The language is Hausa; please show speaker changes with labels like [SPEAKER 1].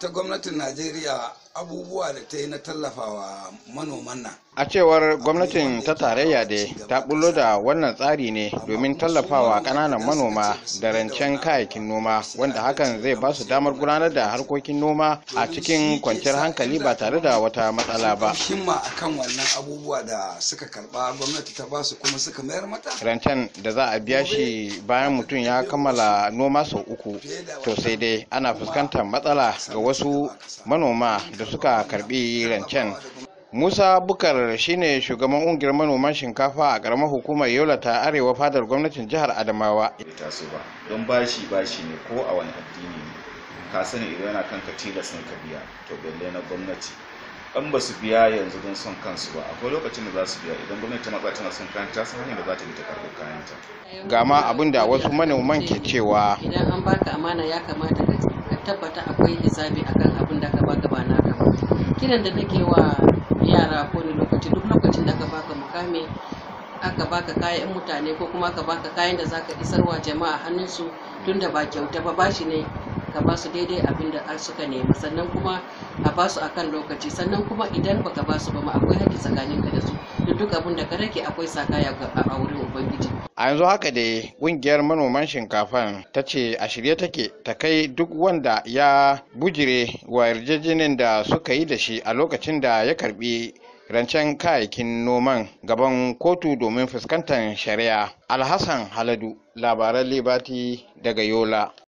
[SPEAKER 1] ta gwamnatin najeriya abubuwa da ta yi na tallafawa manoman nan
[SPEAKER 2] a cewar gwamnatin ta tarayya da ta bullo da wannan tsari ne domin tallafawa kananan manoma da rancen kayayyakin noma wanda hakan zai ba su damar gudanar da harkokin noma a cikin kwanciyar hankali ba tare da wata matsala ba himma
[SPEAKER 1] akan wannan abubuwa da suka karba gwamnati ta ba su kuma suka mayar mata
[SPEAKER 2] rancen da za a biya shi bayan mutum ya kammala noma sau uku to sai dai ana fuskantar matsala ga wasu manoma da suka karbi rancen musa bukar shine shugaban ungiyar manoman shinkafa a karamar hukumar yola ta arewa fadar gwamnatin jihar
[SPEAKER 1] adamawa don bashi bashi ne ko a wani addini ne ka sani idan yana kanka tilas ne ka biya to belle na gwamnati an ba su biya yanzu don son kansu ba akwai lokacin da za su biya idan gwamnati ta matsa tana son kayan ta san hanyar da za ta bi ta karɓo kayan ta
[SPEAKER 3] ga ma
[SPEAKER 2] abin da wasu manoman ke cewa
[SPEAKER 3] idan an baka amana ya kamata ka tabbata akwai hisabi akan abin da aka baka ba naka ba kiran da nake wa yara ko ne lokaci duk lokacin da aka baka mukami aka baka kayan mutane ko kuma aka baka kayan da zaka isarwa jama'a hannunsu tunda ba kyauta ba bashi ne ka ba su daidai abin da suka nema sannan kuma a ba a akan lokaci sannan kuma idan baka basu ba ma akwai haƙƙi tsakaninka da su duk abin da ka rage akwai sakaya a wurin uba
[SPEAKER 2] a yanzu haka da ƙungiyar manoman shinkafan ta ce a shirye take ta kai duk wanda ya bujire wa yarjejenin da suka yi da shi a lokacin da ya karbi rancen kayayyakin noman gaban kotu domin fuskantar shari'a alhassan haladu labaran libati daga yola